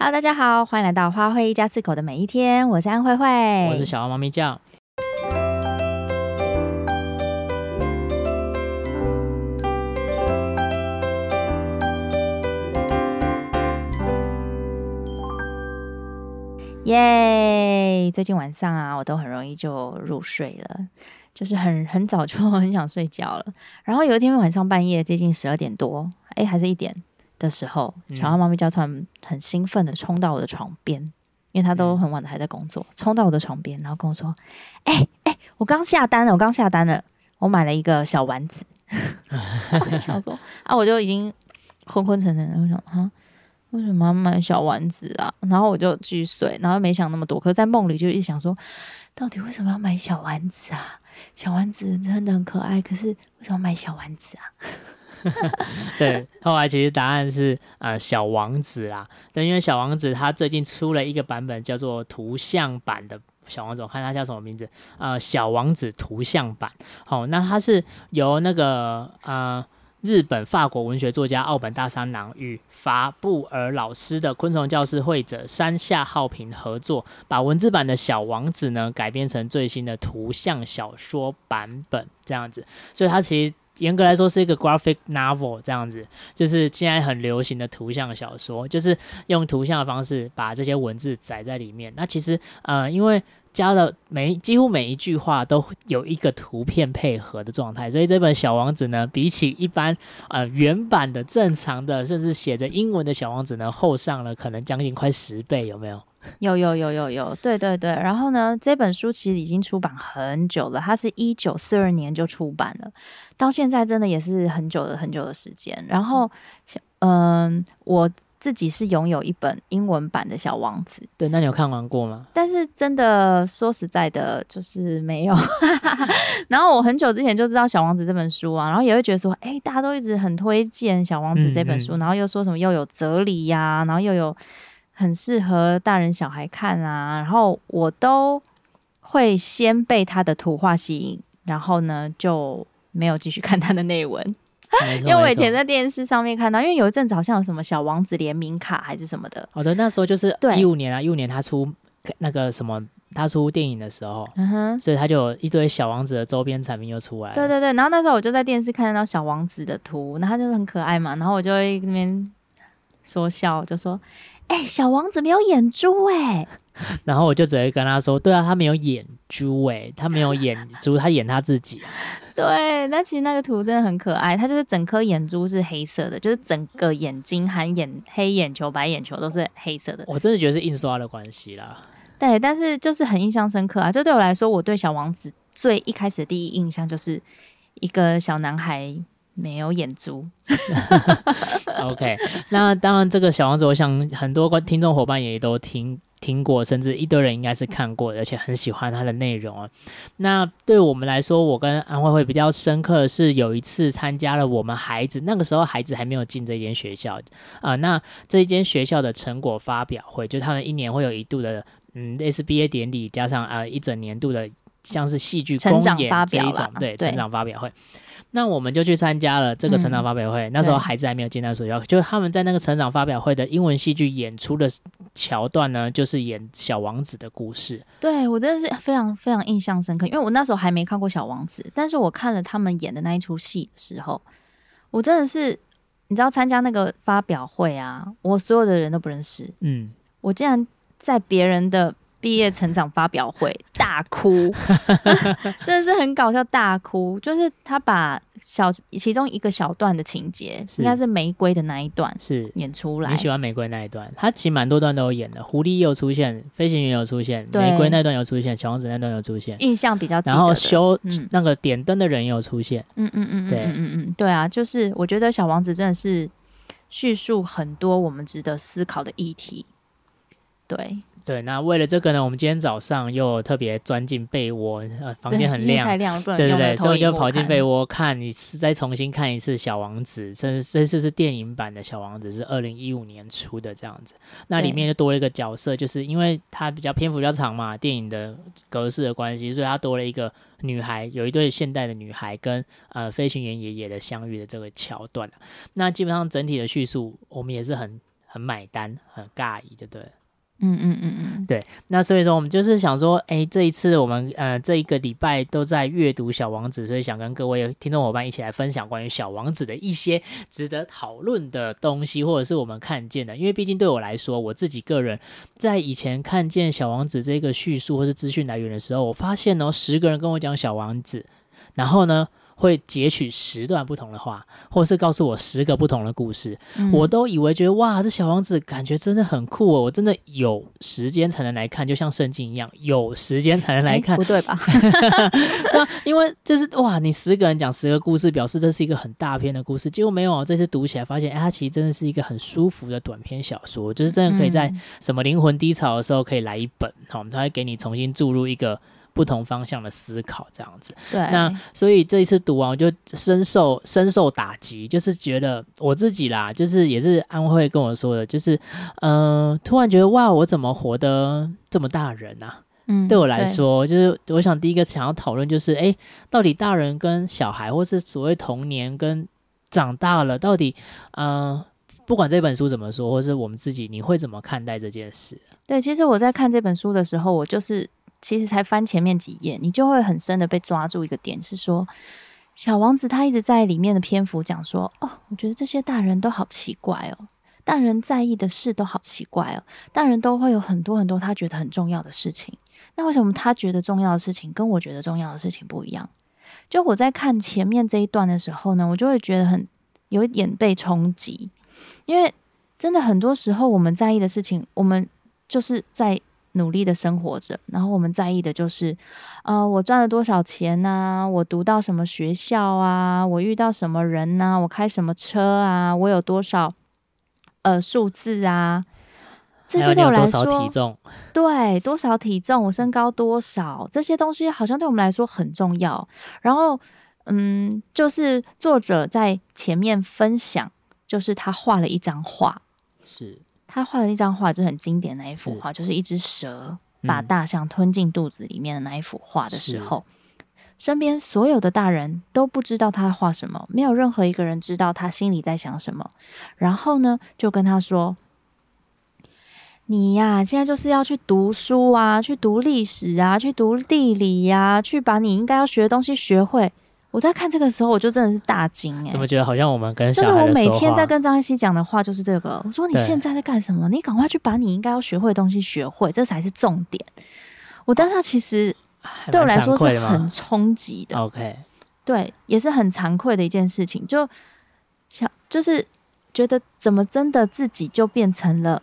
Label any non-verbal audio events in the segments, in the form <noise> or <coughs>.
Hello，大家好，歡迎來到花卉一家四口的每一天。我是安慧慧，我是小貓咪醬。耶！最近晚上啊，我都很容易就入睡了，就是很很早就很想睡覺了。然後有一天晚上半夜，接近十二點多，哎，還是一點的時候，小貓貓咪叫，突然很興奮地衝到我的床邊，嗯，因為他都很晚了還在工作，衝到我的床邊，然後跟我說：“哎、欸、哎、欸，我剛下單了，我剛下單了，我買了一個小丸子。 <laughs> ” <laughs> <laughs> 想說啊，我就已經昏昏沉沉的，我想啊，為什麼要買小丸子啊？然後我就繼續睡，然後沒想那麼多。可是在夢裡就一直想說，到底為什麼要買小丸子啊？小丸子真的很可愛，可是為什麼買小丸子啊？ <laughs> 對，後來其實答案是呃小王子啦，但因為小王子他最近出了一個版本叫做圖像版的小王子，我看他叫什麼名字，呃，小王子圖像版。好，哦，那它是由那個呃日本法國文學作家奧本大三郎與法布爾老師的昆蟲教師繪者山下浩平合作，把文字版的小王子呢改編成最新的圖像小說版本這樣子，所以它其實。嚴格來說是一個 graphic novel 這樣子，就是現在很流行的圖像小說，就是用圖像的方式把這些文字載在裡面。那其實呃，因為加了每，幾乎每一句話都有一個圖片配合的狀態，所以這本小王子呢，比起一般呃原版的正常的，甚至寫着英文的小王子呢，厚上了可能將近快十倍，有沒有？有有有有有，對對對，然後呢，這本書其實已經出版很久了，它是一九四二年就出版了，到現在真的也是很久的很久的時間。然後，嗯，我自己是擁有一本英文版的小王子。對，那你有看完過嗎？但是真的說實在的，就是沒有。 <laughs> <laughs> 然後我很久之前就知道小王子這本書啊，然後也會覺得說，哎、欸，大家都一直很推薦小王子這本書，嗯嗯、然後又說什麼又有哲理呀、啊，然後又有。很適合大人小孩看啊，然後我都會先被他的圖畫吸引，然後呢就沒有繼續看他的內文， <laughs> 因為我以前在電視上面看到，因為有一陣子好像有什麼小王子聯名卡還是什麼的，好、哦、的，那時候就是對一五年啊，一五年他出那個什麼他出電影的時候，嗯哼，所以他就一堆小王子的周邊產品又出來，對對對，然後那時候我就在電視看到小王子的圖，那他就很可愛嘛，然後我就會那邊說笑就說。哎、欸，小王子沒有眼珠哎、欸， <laughs> 然後我就直接跟他說：“對啊，他沒有眼珠哎、欸，他沒有眼珠，他演他自己。 <laughs> ”對，那其實那個圖真的很可愛，他就是整顆眼珠是黑色的，就是整個眼睛含眼黑眼球、白眼球都是黑色的。我真的覺得是印刷的關係啦。對，但是就是很印象深刻啊！就對我來說，我對小王子最一開始第一印象就是一個小男孩。沒有眼珠。 <laughs> <laughs> OK，那當然，這個小王子，我想很多聽眾夥伴也都聽聽過，甚至一堆人應該是看過，而且很喜歡他的內容啊、哦。那對我們來說，我跟安慧慧比較深刻的是，有一次參加了我們孩子，那個時候孩子還沒有進這間學校啊、呃。那這間學校的成果發表會，就他們一年會有一度的嗯 SBA 典禮，加上呃一整年度的像是戲劇公演發表這一種，對，對成長發表會。那我們就去參加了這個成長發表會，嗯、那時候孩子還沒有進到所要就是他們在那個成長發表會的英文戲劇演出的橋段呢，就是演《小王子》的故事。對，我真的是非常非常印象深刻，因為我那時候還沒看過《小王子》，但是我看了他們演的那一出戲的時候，我真的是，你知道參加那個發表會啊，我所有的人都不認識，嗯，我竟然在別人的。畢業成長發表會大哭， <laughs> <laughs> 真的是很搞笑。大哭就是他把小其中一個小段的情節，應該是玫瑰的那一段是演出來。你喜歡玫瑰那一段？他其實蠻多段都有演的。狐狸又出現，飛行員又出現，玫瑰那段又出現，小王子那段又出現，印象比較。然後修那個點燈的人又出現。嗯嗯嗯，嗯，嗯，嗯嗯，對嗯嗯對啊，就是我覺得小王子真的是敘述很多我們值得思考的議題。對。對，那為了這個呢，我們今天早上又特別鑽進被窩，呃，房間很亮，對對不對，對，對，對？所以就跑進被窩看，你再重新看一次《小王子》這，甚至這次是電影版的《小王子》，是二零一五年出的這樣子。那裡面就多了一個角色，就是因為它比較篇幅比較長嘛，電影的格式的關係，所以它多了一個女孩，有一對現代的女孩跟呃飛行員爺爺的相遇的這個橋段。那基本上整體的敘述，我們也是很很買單，很尬異，對不對？嗯嗯嗯嗯，對，那所以說我們就是想說，欸，這一次我們呃這一個禮拜都在閱讀《小王子》，所以想跟各位聽眾夥伴一起來分享關於《小王子》的一些值得討論的東西，或者是我們看見的。因為畢竟對我來說，我自己個人在以前看見《小王子》這個敘述或是資訊來源的時候，我發現哦，十個人跟我講《小王子》，然後呢，會截取十段不同的話，或是告訴我十個不同的故事，嗯、我都以為覺得哇，這小王子感覺真的很酷哦。我真的有時間才能來看，就像聖經一樣，有時間才能來看，欸、不對吧？ <laughs> <laughs> 那因為就是哇，你十個人講十個故事，表示這是一個很大篇的故事，結果沒有啊。這次讀起來發現，哎，它其實真的是一個很舒服的短篇小說，就是真的可以在什麼靈魂低潮的時候，可以來一本，好、嗯，它會給你重新注入一個，不同方向的思考，這樣子。對，那所以這一次讀完，我就深受深受打擊，就是覺得我自己啦，就是也是安慧跟我說的，就是嗯、呃，突然覺得哇，我怎麼活得這麼大人啊？嗯，對我來說，就是我想第一個想要討論，就是哎、欸，到底大人跟小孩，或是所謂童年跟長大了，到底嗯、呃，不管這本書怎麼說，或是我們自己，你會怎麼看待這件事？對，其實我在看這本書的時候，我就是。其實才翻前面幾頁，你就會很深的被抓住一個點，是說小王子他一直在裡面的篇幅講說，哦，我覺得這些大人都好奇怪哦，大人在意的事都好奇怪哦，大人都會有很多很多他覺得很重要的事情，那為什麼他覺得重要的事情跟我覺得重要的事情不一樣？就我在看前面這一段的時候呢，我就會覺得很有一點被衝擊，因為真的很多時候我們在意的事情，我們就是在。努力的生活着，然後我們在意的就是，啊、呃，我賺了多少錢啊？我讀到什麼學校啊？我遇到什麼人啊？我開什麼車啊？我有多少呃數字啊？這些對我來說，哎、多對多少體重？我身高多少？這些東西好像對我們來說很重要。然後，嗯，就是作者在前面分享，就是他畫了一張畫，是。他畫的一張畫，就很經典的那一幅畫、嗯，就是一隻蛇把大象吞進肚子裡面的那一幅畫的時候，嗯、身邊所有的大人都不知道他畫什麼，沒有任何一個人知道他心裡在想什麼。然後呢，就跟他說：“你呀、啊，現在就是要去讀書啊，去讀歷史啊，去讀地理呀、啊，去把你應該要學的東西學會。”我在看這個時候，我就真的是大驚哎、欸！怎麼覺得好像我們跟就是我每天在跟張一西講的話就是這個，我說，你現在在幹什麼？你趕快去把你應該要學會的東西學會，這才是重點。我當下其實對我來說是很衝擊的，的，OK，對，也是很慚愧的一件事情，就想就是覺得怎麼真的自己就變成了。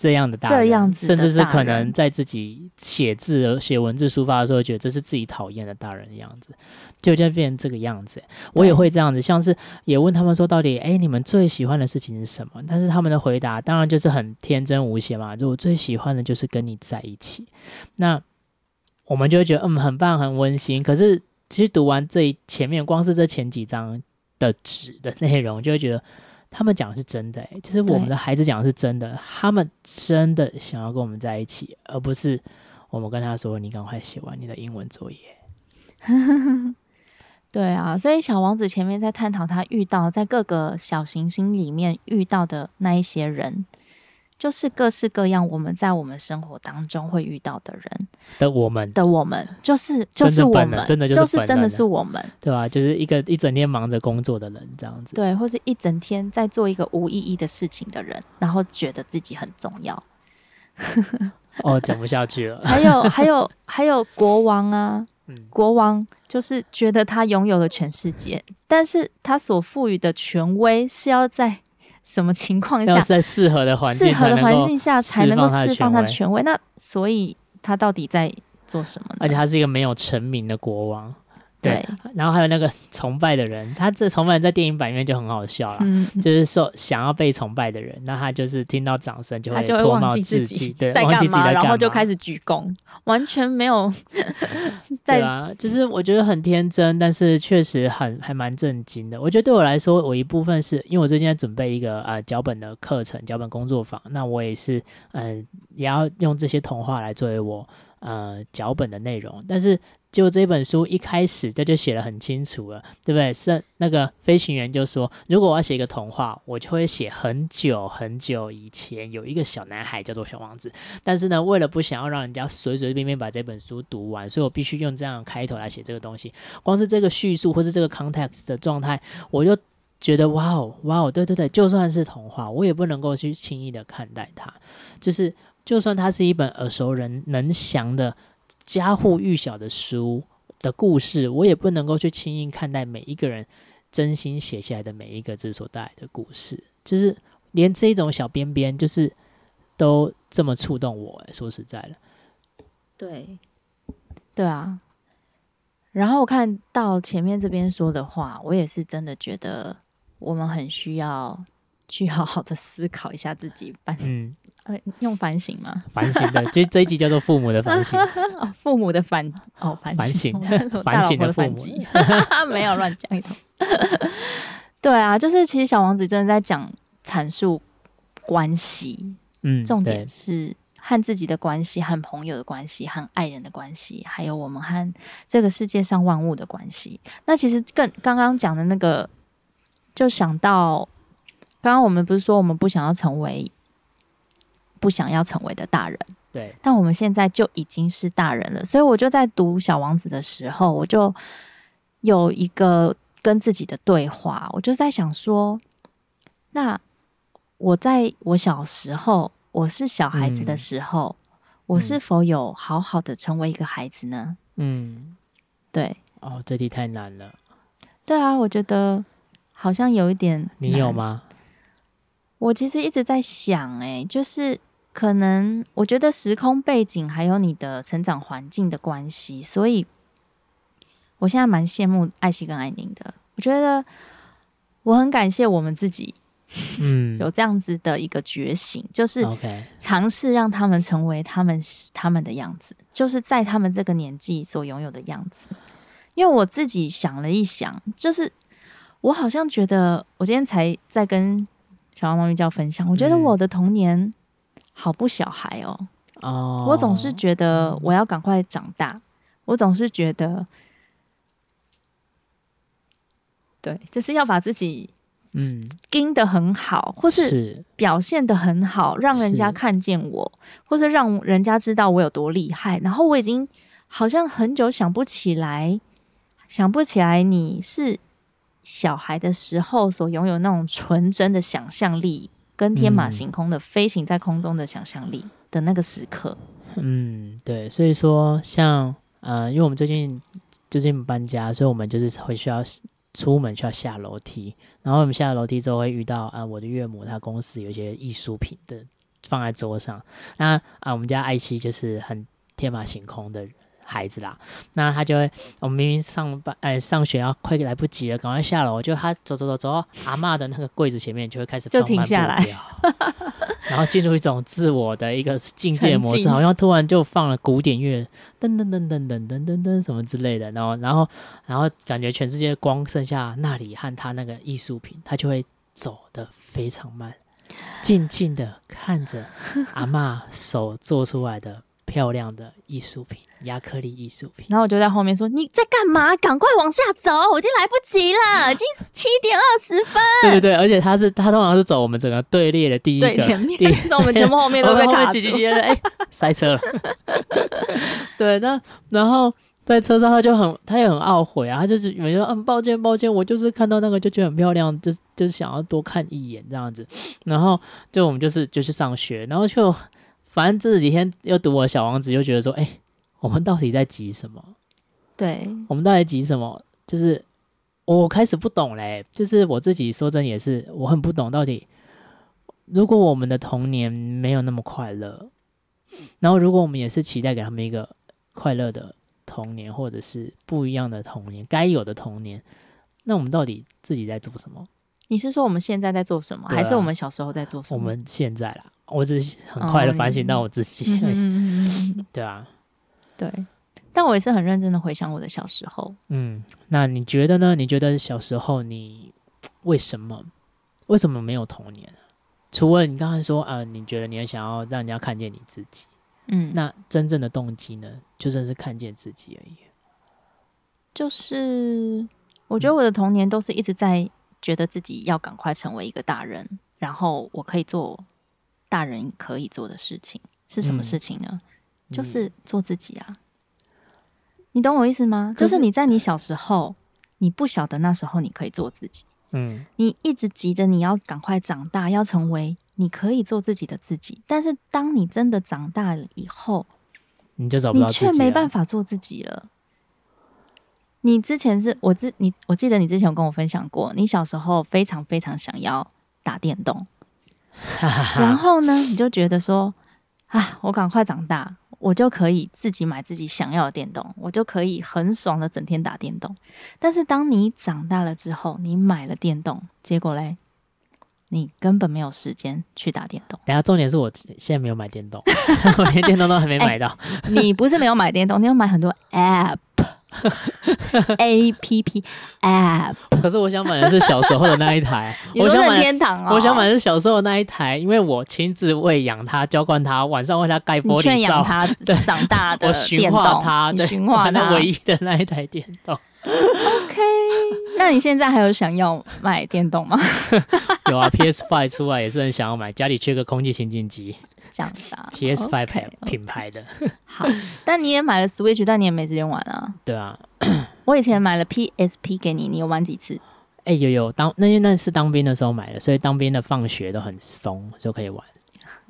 這樣，的大，這樣子的大人，甚至是可能在自己寫字、寫文字、抒發的時候，覺得這是自己討厭的大人的樣子，就會變成這個樣子。我也會這樣子，像是也問他們說，到底哎，你們最喜歡的事情是什麼？但是他們的回答當然就是很天真無邪嘛，就我最喜歡的就是跟你在一起。那我們就會覺得嗯，很棒，很溫馨。可是其實讀完這前面，光是這前幾章的紙的內容，就會覺得。他們講的是真的欸，就是我們的孩子講的是真的，他們真的想要跟我們在一起，而不是我們跟他說：“你趕快寫完你的英文作業。 <laughs> ”對啊，所以小王子前面在探討他遇到在各個小行星裡面遇到的那一些人。就是各式各樣我們在我們生活當中會遇到的人的，我們的我們，的我們就是就是我們，真的就是，就是真的是我們，對吧、啊？就是一個一整天忙着工作的人這樣子，對，或是一整天在做一個無意義的事情的人，然後覺得自己很重要。 <laughs> 哦，講不下去了。 <laughs> 還有還有還有國王啊、嗯，國王就是覺得他擁有了全世界，嗯、但是他所賦予的權威是要在。什麼情況下，是在適合的環境的，適合的環境下才能夠釋放他的權威？那所以他到底在做什麼呢？而且他是一個沒有臣民的國王。對，然後還有那個崇拜的人，他這崇拜人在電影版裡面就很好笑了， <laughs> 就是說想要被崇拜的人，那他就是聽到掌聲就會脫帽自己，對，忘記自己，對忘記自己在幹嘛，然後就開始鞠躬，完全沒有 <laughs> 在。在。就是我覺得很天真，但是確實很還蠻震驚的。我覺得對我來說，我一部分是因為我最近在準備一個呃腳本的課程，腳本工作坊，那我也是嗯、呃、也要用這些童話來作為我呃腳本的內容，但是。就這本書一開始，他就寫的很清楚了，對不對？是那個飛行員就說：“如果我要寫一個童話，我就會寫很久很久以前有一個小男孩叫做小王子。但是呢，為了不想要讓人家隨隨便便把這本書讀完，所以我必須用這樣的開頭來寫這個東西。光是這個敘述或是這個 context 的狀態，我就覺得哇哦哇哦，對對對，就算是童話，我也不能夠去輕易的看待它。就是，就算它是一本耳熟人能詳的。”家喻戶曉的書的故事，我也不能夠去輕易看待每一個人真心寫下來的每一個字所帶來的故事，就是連這一種小邊邊，就是都這麼觸動我、欸。說實在的，對，對啊。然後我看到前面這邊說的話，我也是真的覺得我們很需要。去好好的思考一下自己反、嗯、呃用反省嗎？反省的，其實這一集叫做父母的反省。 <laughs> 父母的反哦反省，反省 <laughs> 的反。反省的父母， <laughs> 沒有亂講一通。 <laughs> <laughs> 對啊，就是其實小王子真的在講闡述關係，嗯，重點是和自己的關係、和朋友的關係、和愛人的關係，還有我們和這個世界上萬物的關係。那其實更剛剛講的那個，就想到。剛剛我們不是說我們不想要成為不想要成為的大人，對，但我們現在就已經是大人了。所以我就在讀《小王子》的時候，我就有一個跟自己的對話，我就在想說，那我在我小時候，我是小孩子的時候，嗯、我是否有好好的成為一個孩子呢？嗯，對。哦，這題太難了。對啊，我覺得好像有一點。你有嗎？我其實一直在想，欸，誒，就是可能我覺得時空背景還有你的成長環境的關係，所以我現在蠻羨慕艾希跟艾寧的。我覺得我很感謝我們自己，嗯，有這樣子的一個覺醒，嗯，就是嘗試讓他們成為他們他們的樣子，Okay. 就是在他們這個年紀所擁有的樣子。因為我自己想了一想，就是我好像覺得我今天才在跟。小貓咪叫分享。我覺得我的童年、嗯、好不小孩哦。哦。我總是覺得我要趕快長大、嗯。我總是覺得，對，就是要把自己嗯盯得很好，或是表現得很好，讓人家看見我，是或者讓人家知道我有多厲害。然後我已經好像很久想不起來，想不起來你是。小孩的時候所擁有那種純真的想象力，跟天馬行空的飛行在空中的想象力的那個時刻。嗯，嗯對，所以說像呃，因為我們最近最近搬家，所以我們就是會需要出門需要下樓梯，然後我們下樓梯之後會遇到啊、呃，我的岳母她公司有一些藝術品的放在桌上，那啊、呃，我們家愛妻就是很天馬行空的人。孩子啦，那他就會，我、哦、明明上班哎、呃、上學要快來不及了，趕快下樓，就他走走走，走到阿嬤的那個櫃子前面就會開始放慢下來， <laughs> 然後進入一種自我的一個境界模式，好像突然就放了古典樂，噔噔噔噔噔噔噔、噔、噔、噔、噔什麼之類的，然後然後然後感覺全世界光剩下那裡和他那個藝術品，他就會走得非常慢，靜靜的看着阿嬤手做出來的漂亮的藝術品。 <laughs> 亞克力藝術品，然後我就在後面說：“你在幹嘛？趕快往下走，我已經來不及了，已經七點二十分。 <laughs> ”對對對，而且他是他通常是走我們整個隊列的第一個對前面，那我們全部後面都被他擠擠擠的，哎、欸， <laughs> 塞車了。 <laughs> 對，那然後在車上他就很他也很懊悔啊，他就是覺得嗯，抱歉抱歉，我就是看到那個就覺得很漂亮，就就是想要多看一眼這樣子。然後就我們就是就去上學，然後就反正這幾天又讀我小王子，又覺得說，哎、欸。我們到底在急什麼？對，我們到底急什麼？就是我開始不懂嘞、欸，就是我自己說真的也是，我很不懂到底，如果我們的童年沒有那麼快樂，然後如果我們也是期待給他們一個快樂的童年，或者是不一樣的童年，該有的童年，那我們到底自己在做什麼？你是說我們現在在做什麼，啊、還是我們小時候在做什麼？我們現在啦，我只是很快的反省到我自己，哦、 <laughs> 對啊。對，但我也是很認真的回想我的小時候。嗯，那你覺得呢？你覺得小時候你為什麼為什麼沒有童年啊？除了你剛才說啊，你覺得你想要讓人家看見你自己，嗯，那真正的動機呢，就只是看見自己而已。就是我覺得我的童年都是一直在覺得自己要趕快成為一個大人，然後我可以做大人可以做的事情是什麼事情呢？嗯就是做自己啊，嗯，你懂我意思嗎？就是你在你小時候，你不曉得那時候你可以做自己。嗯，你一直急着你要趕快長大，要成為你可以做自己的自己。但是當你真的長大了以後，你就找不到自己啊，你卻沒辦法做自己了。你之前是我自你，我記得你之前有跟我分享過，你小時候非常非常想要打電動， <laughs> 然後呢，你就覺得說啊，我趕快長大。我就可以自己買自己想要的電動，我就可以很爽的整天打電動。但是當你長大了之後，你買了電動，結果嘞，你根本沒有時間去打電動。等下，重點是我現在沒有買電動， <laughs> <laughs> 我連電動都還沒買到。欸，你不是沒有買電動，你要買很多 app。A P P App，可是我想買的是小時候的那一台。你說的天堂啊、哦。我想買的是小時候的那一台，因為我親自餵養它、澆灌它，晚上為它蓋玻璃罩，養它長大的。我馴化它，的那、啊、唯一的那一台電動。OK，那你現在還有想要買電動嗎？ <laughs> <laughs> 有啊，P S Five 出來也是很想要買，家裡缺個空氣清淨機。P S Five 品牌的？好，但你也買了 Switch， <laughs> 但你也沒時間玩啊。對啊，我以前買了 P S P 給你，你有玩幾次？哎、欸，有有當，那因為那是當兵的時候買的，所以當兵的放學都很鬆，就可以玩。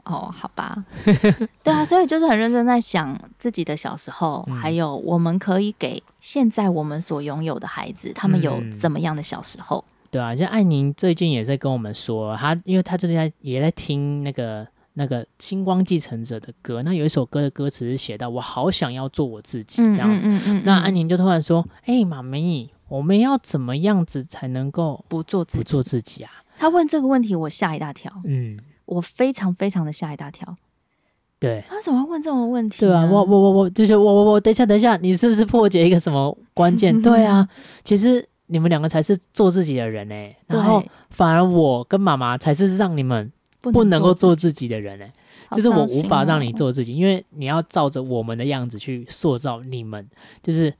哦，好吧， <laughs> 對啊，所以就是很認真在想自己的小時候， <laughs> 還有我們可以給現在我們所擁有的孩子、嗯，他們有怎麼樣的小時候？對啊，就艾寧最近也在跟我們說，他因為他最近在也在聽那個。那個《星光繼承者》的歌，那有一首歌的歌詞是寫到“我好想要做我自己”這樣子。嗯嗯嗯嗯，那安寧就突然說：“哎、欸，媽咪，我們要怎麼樣子才能夠不做自己不做自己啊？”他問這個問題，我嚇一大跳。嗯，我非常非常的嚇一大跳。對，他怎麼問這種問題啊？對啊，我我我我就是我我我，我，等一下等一下，你是不是破解一個什麼關鍵？ <laughs> 對啊，其實你們兩個才是做自己的人。哎、欸，然後反而我跟媽媽才是讓你們。不能夠做自己的人呢、欸，就是我無法讓你做自己、啊，因為你要照着我們的樣子去塑造你們，就是。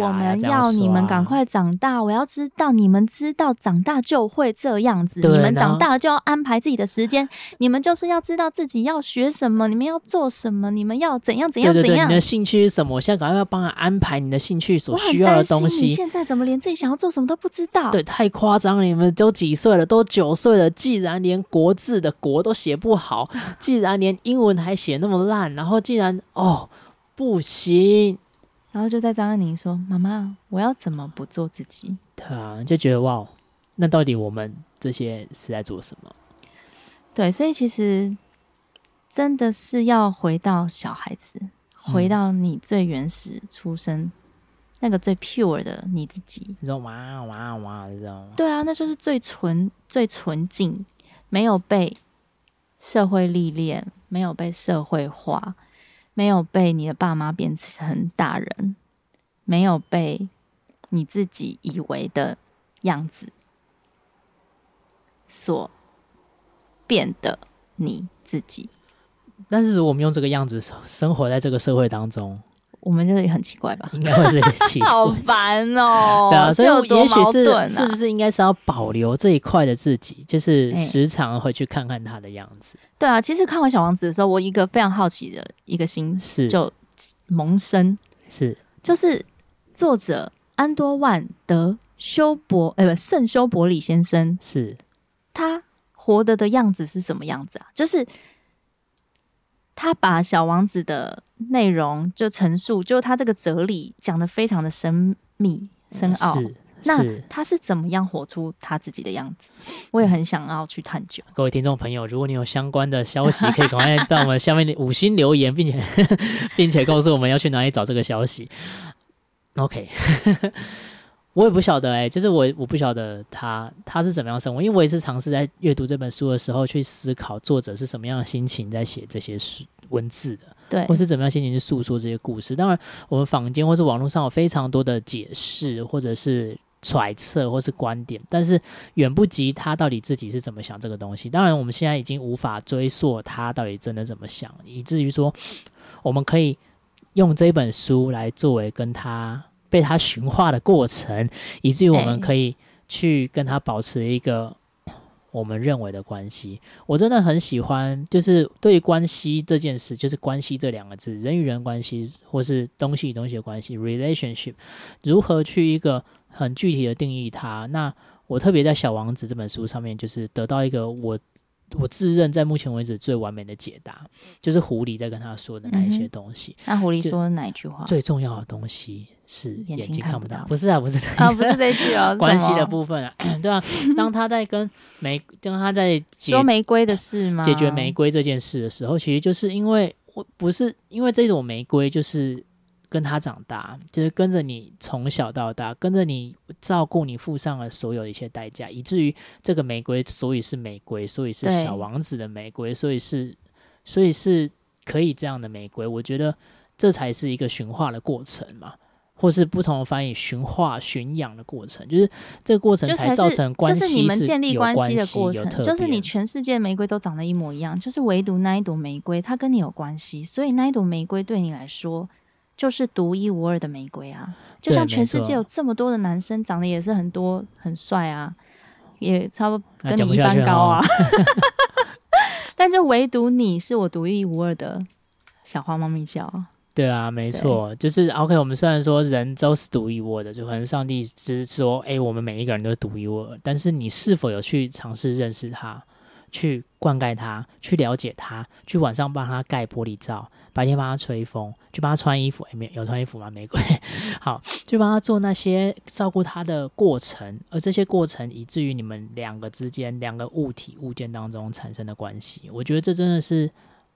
我們要你們趕快長大、啊，我要知道你們知道長大就會這樣子。你們長大了就要安排自己的時間，你們就是要知道自己要學什麼，你們要做什麼，你們要怎樣怎樣怎樣。對對對，你的興趣是什麼？我現在趕快要幫他安排你的興趣所需要的東西。你現在怎麼連自己想要做什麼都不知道？對，太誇張了！你們都幾歲了？都九歲了，既然連國字的“國”都寫不好， <laughs> 既然連英文還寫那麼爛，然後竟然哦，不行。然後就在張愛玲說：“媽媽，我要怎麼不做自己？”對啊，就覺得哇哦，那到底我們這些是在做什麼？對，所以其實真的是要回到小孩子，回到你最原始出生、嗯、那個最 pure 的你自己。那種哇哇哇的那種。對啊，那就是最純、最純淨，沒有被社會歷練，沒有被社會化。沒有被你的爸媽變成大人，沒有被你自己以為的樣子所變得你自己。但是，如果我們用這個樣子生活在這個社會當中。我們就是也很奇怪吧， <laughs> 應該會是很奇怪， <laughs> 好煩哦。對啊，所以也許是，是不是應該是要保留這一塊的自己，就是時常回去看看他的樣子，欸。對啊，其實看完《小王子》的時候，我一個非常好奇的一個心事就萌生，是就是作者安多萬德修伯，哎、欸、不，聖修伯里先生是，他活得的樣子是什麼樣子啊？就是。他把小王子的內容就陳述，就他這個哲理講得非常的神秘深奧、嗯。那他是怎麼樣活出他自己的樣子？我也很想要去探究。嗯、各位聽眾朋友，如果你有相關的消息，可以趕快在我們下面的五星留言， <laughs> 並且並且告訴我們要去哪裡找這個消息。OK。 <laughs> 我也不曉得哎、欸，就是我我不曉得他他是怎麼樣生活，因為我也是嘗試在閱讀這本書的時候去思考作者是什麼樣的心情在寫這些書文字的，對，或是怎麼樣心情去訴說這些故事。當然，我們坊間或是網絡上有非常多的解釋，或者是揣測，或是觀點，但是遠不及他到底自己是怎麼想這個東西。當然，我們現在已經無法追溯他到底真的怎麼想，以至於說我們可以用這一本書來作為跟他。被他馴化的過程，以至於我們可以去跟他保持一個我們認為的關係、欸。我真的很喜歡，就是對關係這件事，就是“關係”這兩個字，人與人關係，或是東西與東西的關係 （relationship），如何去一個很具體的定義它？那我特別在《小王子》這本書上面，就是得到一個我我自認在目前為止最完美的解答，就是狐狸在跟他說的那一些東西。嗯、那狐狸說的哪一句話？最重要的東西。是眼睛，眼睛看不到，不是啊，不是啊，不、啊、是這句哦，關係的部分啊、嗯，對啊，當他在跟玫 <laughs> 跟他在解說玫瑰的事嗎？解決玫瑰這件事的時候，其實就是因為我不是因為這朵玫瑰就是跟他長大，就是跟着你從小到大，跟着你照顧你付上了所有的一些代價，以至於這個玫瑰所以是玫瑰，所以是小王子的玫瑰，所以是所以是可以這樣的玫瑰，我覺得這才是一個馴化的過程嘛。或是不同的翻譯，馴化、馴養的過程，就是這個過程才造成關係，就是、你們建立關係的過程。就是你全世界的玫瑰都長得一模一樣，就是唯獨那一朵玫瑰，它跟你有關係，所以那一朵玫瑰對你來說就是獨一無二的玫瑰啊。就像全世界有這麼多的男生長得也是很多很帥啊，也差不多跟你一般高啊。哦、 <laughs> <laughs> 但這唯獨你是我獨一無二的小花貓咪咪叫。對啊，沒錯，就是 OK。我們雖然說人都是獨一無二的，就可能上帝就是說，哎、欸，我們每一個人都是獨一無二。但是你是否有去嘗試認識他，去灌溉他，去了解他，去晚上幫他蓋玻璃罩，白天幫他吹風，去幫他穿衣服？誒、欸、沒有，有穿衣服嗎？玫瑰， <laughs> 好，去幫他做那些照顧他的過程，而這些過程以至於你們兩個之間兩個物體物件當中產生的關係，我覺得這真的是。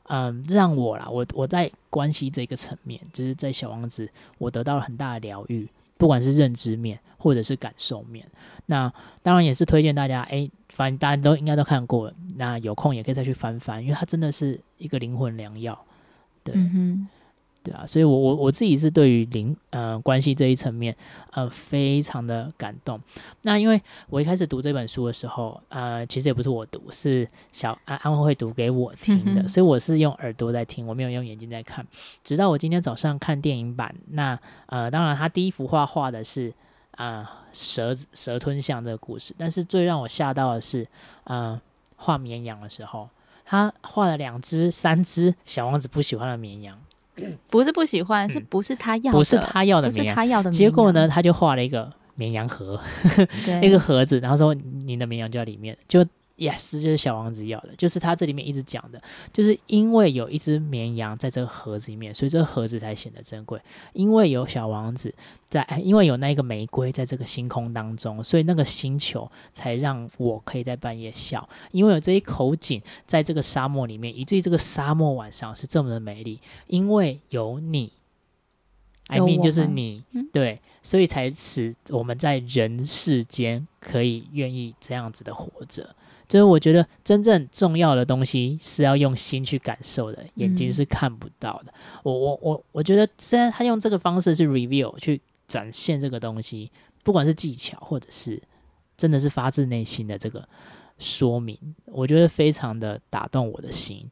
嗯，讓我啦，我我在關係這個層面，就是在小王子，我得到了很大的療癒，不管是認知面或者是感受面。那當然也是推薦大家，哎、欸，反正大家都應該都看過了，那有空也可以再去翻翻，因為它真的是一個靈魂良藥，對。嗯對啊，所以我，我我我自己是對於靈呃關係這一層面，呃，非常的感動。那因為我一開始讀這本書的時候，呃，其實也不是我讀，是小安安慧會讀給我聽的呵呵，所以我是用耳朵在聽，我沒有用眼睛在看。直到我今天早上看電影版，那呃，當然他第一幅畫畫的是啊、呃、蛇蛇吞象這個故事，但是最讓我嚇到的是，呃，畫綿羊的時候，他畫了兩隻、三隻小王子不喜歡的綿羊。不是不喜歡，嗯、是不是他要的，不是他要的。結果呢，他就畫了一個綿羊盒，那個盒子，然後說：“你的綿羊就在裡面。”就。Yes，這就是小王子要的，就是他這裡面一直講的，就是因為有一隻綿羊在這個盒子裡面，所以這個盒子才顯得珍貴；因為有小王子在，哎、因為有那個玫瑰在這個星空當中，所以那個星球才讓我可以在半夜笑；因為有這一口井在這個沙漠裡面，以至於這個沙漠晚上是這麼的美麗；因為有你，I mean 就是你，對，所以才使我們在人世間可以願意這樣子的活着。所以我覺得真正重要的東西是要用心去感受的，眼睛是看不到的。嗯、我我我我覺得，雖然他用這個方式去 review 去展現這個東西，不管是技巧或者是真的是發自內心的這個說明，我覺得非常的打動我的心。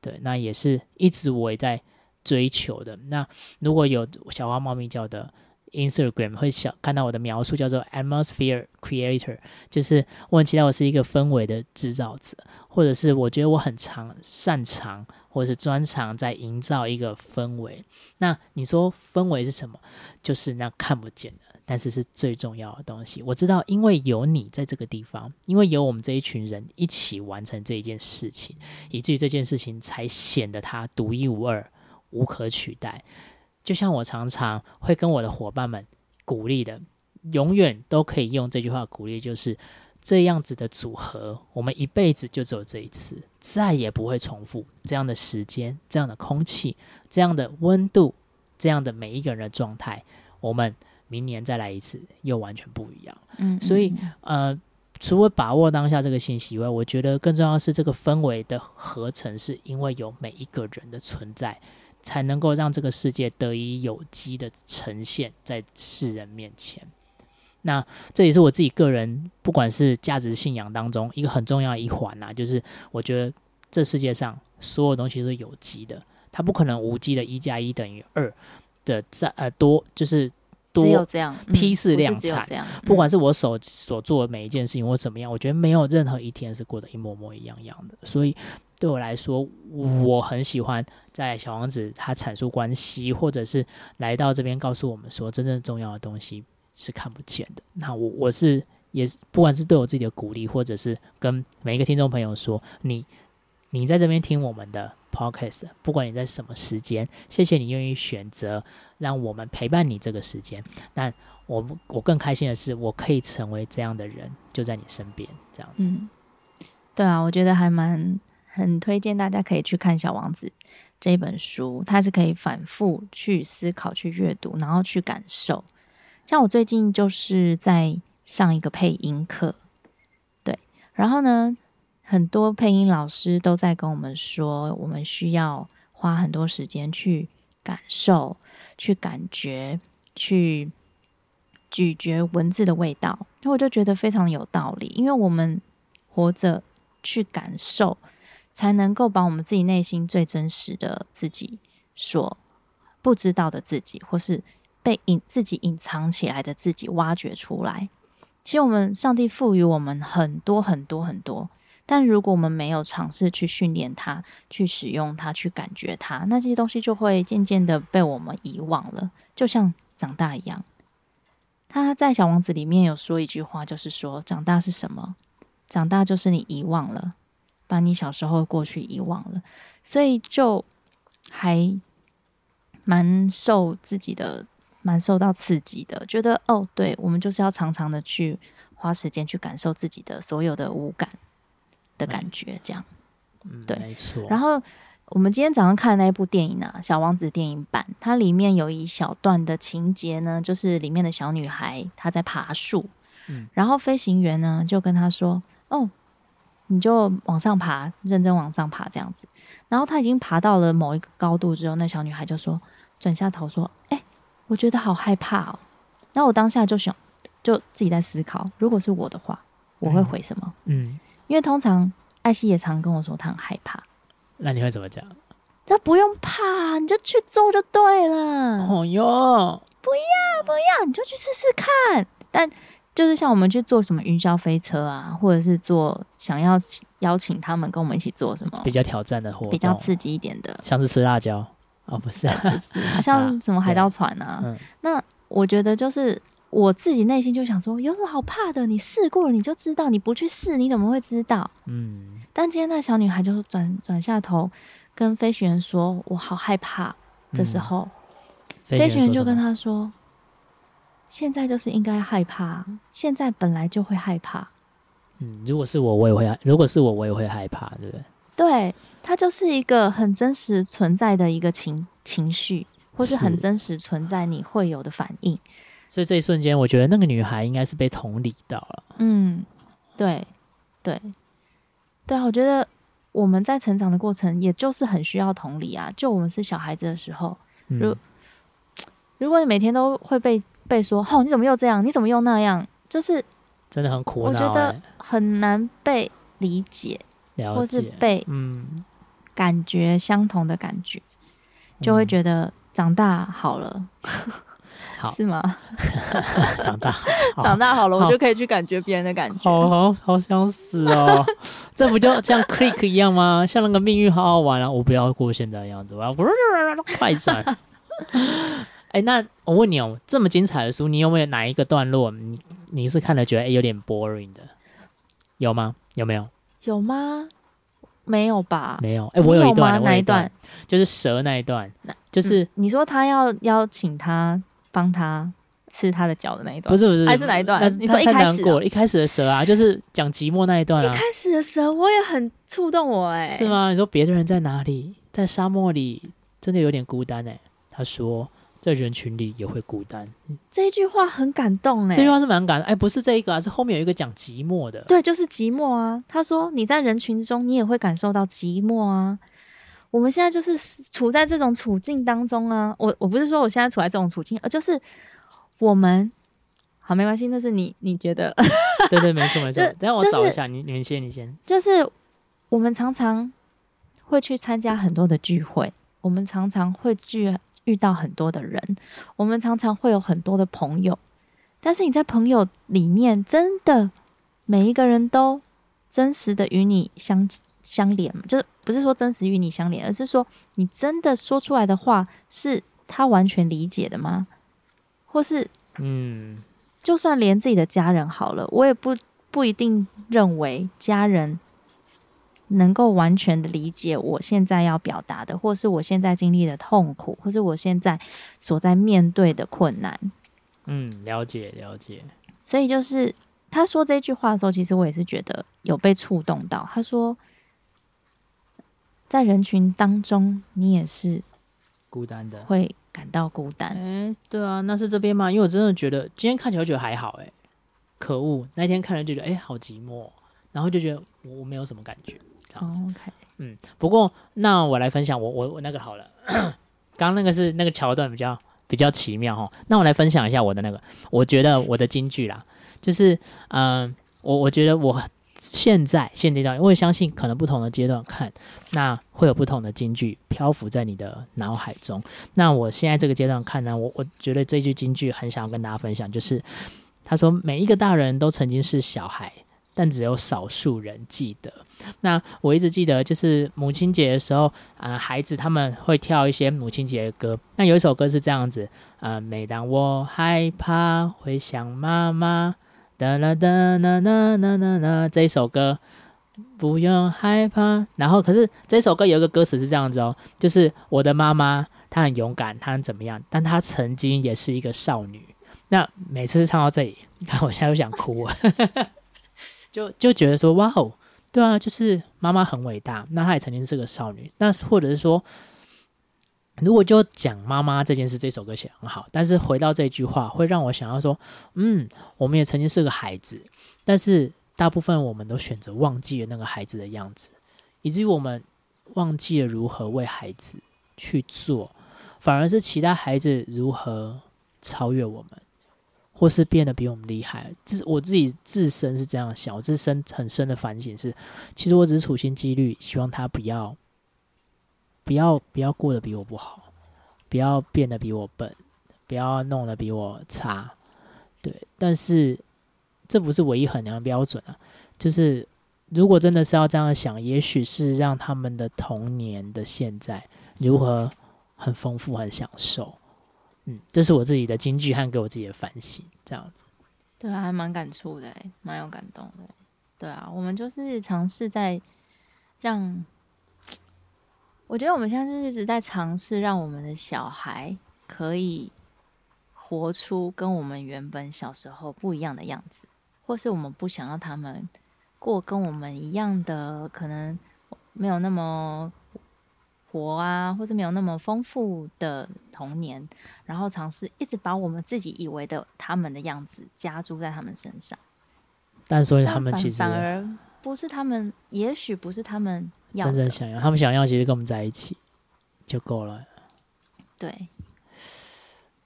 對，那也是一直我也在追求的。那如果有小花貓咪叫的。Instagram 會小看到我的描述叫做 Atmosphere Creator，就是我很期待我是一個氛圍的制造者，或者是我覺得我很常擅長或者是專長在營造一個氛圍。那你說氛圍是什麼？就是那看不見的，但是是最重要的東西。我知道，因為有你在這個地方，因為有我們這一群人一起完成這一件事情，以至於這件事情才顯得它獨一無二、無可取代。就像我常常會跟我的夥伴們鼓勵的，永遠都可以用這句話鼓勵，就是這樣子的組合，我們一輩子就只有這一次，再也不會重複這樣的時間、這樣的空氣、這樣的溫度、這樣的每一個人的狀態。我們明年再來一次，又完全不一樣。嗯嗯。所以呃，除了把握當下這個信息以外，我覺得更重要的是這個氛圍的合成，是因為有每一個人的存在。才能夠讓這個世界得以有機的呈現在世人面前。那這也是我自己個人，不管是價值信仰當中一個很重要的一環啊，就是我覺得這世界上所有東西都是有機的，它不可能無機的、的“一加一等於二”的在呃多就是多批次量產、嗯不。不管是我所所做的每一件事情或怎麼樣，我覺得沒有任何一天是過得一模模一樣樣的，所以。對我來說，我很喜歡在小王子他闡述關係，或者是來到這邊告訴我們說，真正重要的東西是看不見的。那我我是也是，不管是對我自己的鼓勵，或者是跟每一個聽眾朋友說，你你在這邊聽我們的 podcast，不管你在什麼時間，謝謝你願意選擇讓我們陪伴你這個時間。但我我更開心的是，我可以成為這樣的人，就在你身邊這樣子。嗯，對啊，我覺得還蠻。很推薦大家可以去看《小王子》這本書，它是可以反復去思考、去閱讀，然後去感受。像我最近就是在上一個配音課，對，然後呢，很多配音老師都在跟我們說，我們需要花很多時間去感受、去感覺、去咀嚼文字的味道。然後我就覺得非常有道理，因為我們活着去感受。才能夠把我們自己內心最真實的自己所不知道的自己，或是被隱自己隱藏起來的自己挖掘出來。其實，我們上帝賦予我們很多很多很多，但如果我們沒有嘗試去訓練它、去使用它、去感覺它，那這些東西就會漸漸的被我們遺忘了，就像長大一樣。他在《小王子》裡面有說一句話，就是說：“長大是什麼？長大就是你遺忘了。”把你小時候過去遺忘了，所以就還蠻受自己的蠻受到刺激的，覺得哦，對，我們就是要常常的去花時間去感受自己的所有的五感的感覺，這樣、嗯，對，沒錯。然後我們今天早上看的那一部電影呢、啊，《小王子》電影版，它裡面有一小段的情節呢，就是裡面的小女孩她在爬樹、嗯，然後飛行員呢就跟她說，哦。你就往上爬，認真往上爬這樣子。然後他已經爬到了某一個高度之後，那小女孩就說，轉下頭說，哎、欸，我覺得好害怕哦、喔。然後我當下就想，就自己在思考，如果是我的話，我會回什麼？哎、嗯，因為通常艾希也常跟我說，他很害怕。那你會怎麼講？他不用怕，你就去做就對了。哦喲，不要不要，你就去試試看。但就是像我們去坐什麼雲霄飛車啊，或者是做想要邀請他們跟我們一起做什麼比較挑戰的活，比較刺激一點的，像是吃辣椒啊、哦，不是、啊，不是，像什麼海盜船啊，啊。那我覺得就是我自己內心就想說、嗯，有什麼好怕的？你試過了你就知道，你不去試你怎麼會知道？嗯。但今天那小女孩就轉轉下頭跟飛行員說：“我好害怕。嗯”這時候，飛行員就跟他說。現在就是應該害怕，現在本來就會害怕。嗯，如果是我，我也會；如果是我，我也會害怕，對不對？對，它就是一個很真實存在的一個情情緒，或是很真實存在你會有的反應。所以這一瞬間，我覺得那個女孩應該是被同理到了。嗯，對，對，對啊，我覺得我們在成長的過程，也就是很需要同理啊。就我們是小孩子的時候，如果、嗯、如果你每天都會被。被說，哦，你怎麼又這樣？你怎麼又那樣？就是真的很苦，我覺得很難被理解，了解，或是被嗯感覺相同的感覺、嗯，就會覺得長大好了，嗯、是嗎？ <laughs> 長大好，長大好了，我就可以去感覺別人的感覺。好好好想死哦！ <laughs> 這不就像 click 一樣嗎？ <laughs> 像那個命運好好玩啊！我不要過現在的樣子，我要快轉。 <laughs> 哎、欸，那我問你哦，這麼精彩的書，你有沒有哪一個段落你你是看了覺得、欸、有點 boring 的？有嗎？有沒有？有嗎？沒有吧？沒有。哎、欸，我有一段，哪一,一段？就是蛇那一段，那就是、嗯、你說他要邀請他幫他吃他的腳的那一段？不是，不是不是，還是哪一段？那你說一開、啊、難過一開始的蛇啊，就是講寂寞那一段啊。一開始的蛇我也很觸動我哎、欸，是嗎？你說別的人在哪裡？在沙漠裡真的有點孤單哎、欸。他說。在人群裡也會孤單，嗯、這句話很感動哎、欸。這句話是蠻感動哎，欸、不是這一個啊，是後面有一個講寂寞的。對，就是寂寞啊。他說你在人群中，你也會感受到寂寞啊。我們現在就是處在這種處境當中啊。我我不是說我現在處在這種處境，而就是我們好沒關係，那是你你覺得？ <laughs> 對，對對，沒錯沒錯。 <laughs> 等一下我找一下，就是、你你們先，你先。就是我們常常會去參加很多的聚會，我們常常會聚。遇到很多的人，我們常常會有很多的朋友，但是你在朋友裡面，真的每一個人都真實的與你相相連，就不是說真實與你相連，而是說你真的說出來的話是他完全理解的嗎？或是嗯，就算連自己的家人好了，我也不不一定認為家人。能夠完全的理解我現在要表達的，或是我現在經歷的痛苦，或是我現在所在面對的困難。嗯，了解了解。所以就是他說這句話的時候，其實我也是覺得有被觸動到。他說，在人群當中，你也是孤單的，會感到孤單。哎、欸，對啊，那是這邊嗎？因為我真的覺得今天看起來就覺得還好欸，哎，可惡，那天看了就覺得哎、欸，好寂寞喔，然後就覺得我我沒有什麼感覺。哦、oh，OK，嗯，不過那我來分享我我我那個好了，剛剛 <coughs> 那個是那個橋段比較比較奇妙齁，那我來分享一下我的那個，我覺得我的金句啦，就是嗯、呃，我我覺得我現在現階段，我也相信可能不同的階段看，那會有不同的金句漂浮在你的腦海中。那我現在這個階段看呢，我我覺得這句金句很想要跟大家分享，就是他說，每一個大人都曾經是小孩。但只有少數人記得。那我一直記得，就是母親節的時候，啊、呃，孩子他們會跳一些母親節的歌。那有一首歌是這樣子，呃，每當我害怕，會想媽媽，噠啦噠啦啦啦啦啦，這一首歌不用害怕。然後，可是這首歌有一個歌詞是這樣子哦，就是我的媽媽，她很勇敢，她很怎麼樣？但她曾經也是一個少女。那每次唱到這裡，你看我現在都想哭了。 <laughs> 就就覺得說哇哦，對啊，就是媽媽很偉大。那她也曾經是個少女。那或者是說，如果就講媽媽這件事，這首歌寫很好。但是回到這句話，會讓我想到說，嗯，我們也曾經是個孩子，但是大部分我們都選擇忘記了那個孩子的樣子，以至於我們忘記了如何為孩子去做，反而是期待孩子如何超越我們。或是變得比我們厲害，自我自己自身是這樣想，我自身很深的反省是，其實我只是處心積慮，希望他不要，不要不要過得比我不好，不要變得比我笨，不要弄得比我差，對。但是這不是唯一衡量的標準啊，就是如果真的是要這樣想，也許是讓他們的童年的現在如何很豐富、很享受。嗯，這是我自己的金句和給我自己的反省，這樣子。對啊，還蠻感觸的，蠻有感動的。對啊，我們就是嘗試在讓，我覺得我們現在就是一直在嘗試讓我們的小孩可以活出跟我們原本小時候不一樣的樣子，或是我們不想要他們過跟我們一樣的，可能沒有那麼。活啊，或者沒有那麼豐富的童年，然後嘗試一直把我們自己以為的他們的樣子加諸在他們身上，但所以他們其實反而不是他們，也許不是他們要的真正想要，他們想要其實跟我們在一起就夠了。對，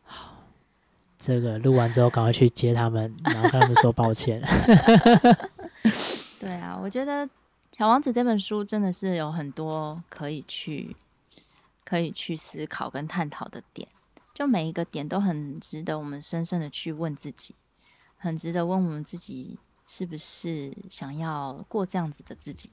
好，這個錄完之後趕快去接他們， <laughs> 然後跟他們說抱歉。 <laughs> <laughs> 對啊，我覺得。小王子這本書真的是有很多可以去，可以去思考跟探討的點，就每一個點都很值得我們深深的去問自己，很值得問我們自己是不是想要過這樣子的自己。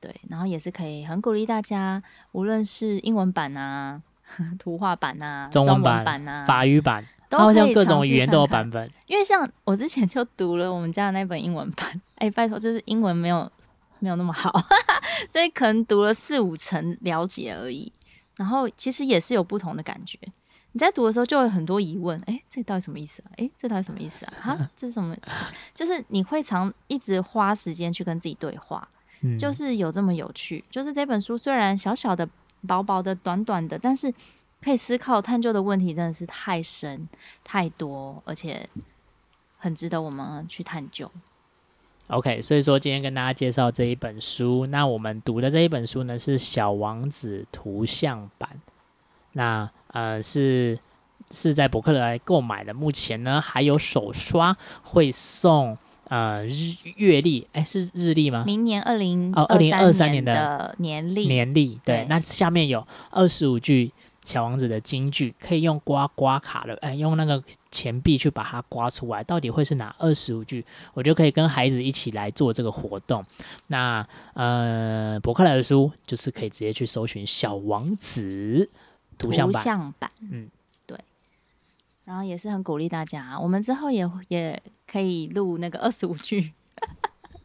對，然後也是可以很鼓勵大家，無論是英文版啊，呵呵、圖畫版啊，中文版，中文版啊，法語版，都看看，好像各種語言都有版本，因為像我之前就讀了我們家的那本英文版，哎、欸，拜託，就是英文沒有沒有那麼好， <laughs> 所以可能讀了四五成了解而已。然後其實也是有不同的感覺，你在讀的時候就有很多疑問，哎、欸，這到底什麼意思啊？哎、欸，這到底什麼意思啊？哈，這是什麼？ <laughs> 就是你會常一直花時間去跟自己對話、嗯，就是有這麼有趣。就是這本書雖然小小的、薄薄的、短短的，但是。可以思考、探究的問題真的是太深、太多，而且很值得我們去探究。OK，所以說今天跟大家介紹這一本書。那我們讀的這一本書呢，是《小王子》圖像版。那呃是是在博客來購買的。目前呢還有手刷會送呃日月曆，哎，是日曆嗎？明年二零二零二三年的年曆、年曆對，對。那下面有二十五句。小王子的金句可以用刮刮卡了，哎，用那個錢幣去把它刮出來，到底會是哪二十五句？我就可以跟孩子一起來做這個活動。那呃，博客來的書就是可以直接去搜尋《小王子》圖像版，嗯，對。然後也是很鼓勵大家，我們之後也也可以錄那個二十五句。 <laughs>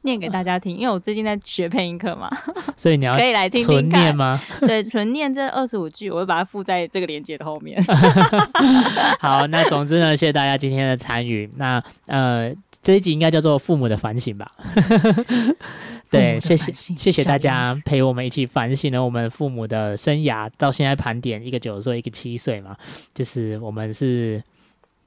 念給大家聽，因為我最近在學配音課嘛，所以你要 <laughs> 可以來聽，聽純念嗎？ <laughs> 對，純念這二十五句，我會把它附在這個連接的後面。 <laughs> <laughs> 好，那總之呢，謝謝大家今天的參與。那呃，這一集應該叫做父母的反省吧？ <laughs> 對，謝謝謝謝大家陪我們一起反省了我們父母的生涯，到現在盤點一個九十歲，一個七歲嘛，就是我們是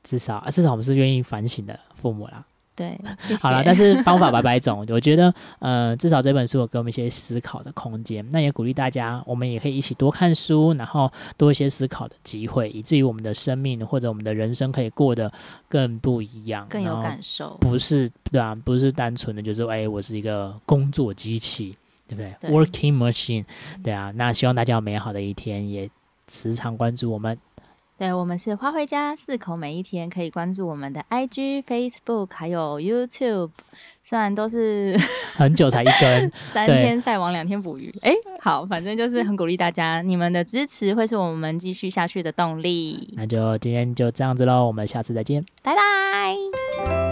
至少啊，至少我們是願意反省的父母啦。對， <laughs> 好了，但是方法百百種， <laughs> 我覺得，呃，至少這本書有給我們一些思考的空間。那也鼓勵大家，我們也可以一起多看書，然後多一些思考的機會，以至於我們的生命或者我們的人生可以過得更不一樣，更有感受，然後不是對啊，不是單純的就是哎、欸，我是一個工作機器，對不對，對？Working machine，對啊。那希望大家有美好的一天，也時常關注我們。對，我們是花卉家四口，每一天可以關注我們的 IG、Facebook 還有 YouTube，雖然都是很久才一更， <laughs> 三天曬網兩天捕魚，哎、欸，好，反正就是很鼓勵大家， <laughs> 你們的支持會是我們繼續下去的動力。那就今天就這樣子嘍，我們下次再見，拜拜。